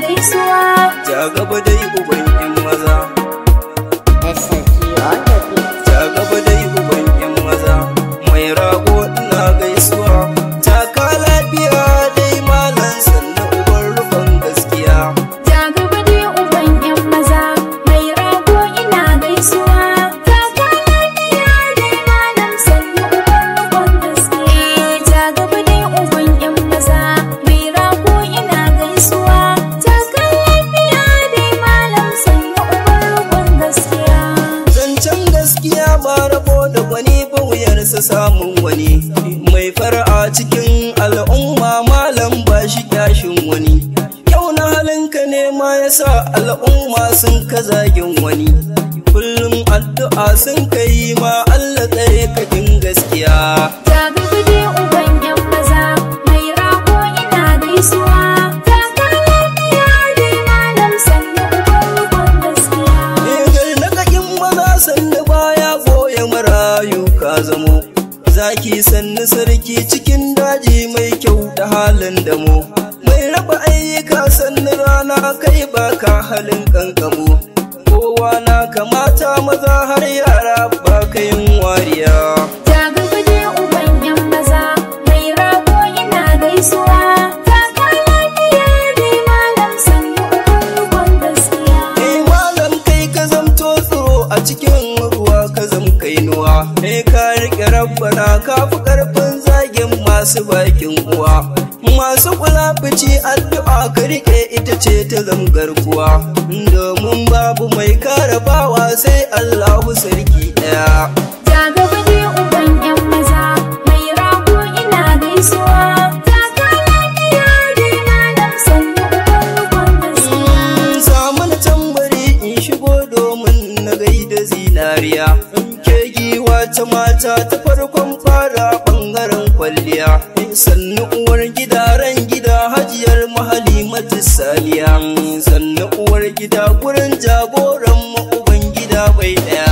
gaisuwa ja gaba dai uban maza kasa samun wani mai far'a cikin al'umma malam ba shi wani yau na halinka ne ma ya sa al'umma sun ka zagin wani kullum addu'a sun ka yi ma Allah tsare ka kin gaskiya. ta guje uban yan maza mai rago ina isuwa zamo zaki sannu sarki cikin daji mai kyau da halin damo mai raba ayyuka sannu rana kai baka halin kankamo kowa na kamata maza har yara ba yin wariya uwa me ka rike rabbana ka fi karfin zagin masu bakin uwa masu kula fici addu'a ka rike ita ce ta zamgarkuwa domin babu mai kare bawa sai Allahu sarki ɗaya. jaga uban yan maza zinariya ke giwa ta mata ta farkon fara bangaren kwalliya sannu uwar gida ran gida hajiyar mahali saliya sannu uwar gida gurin jagoran mu gida bai daya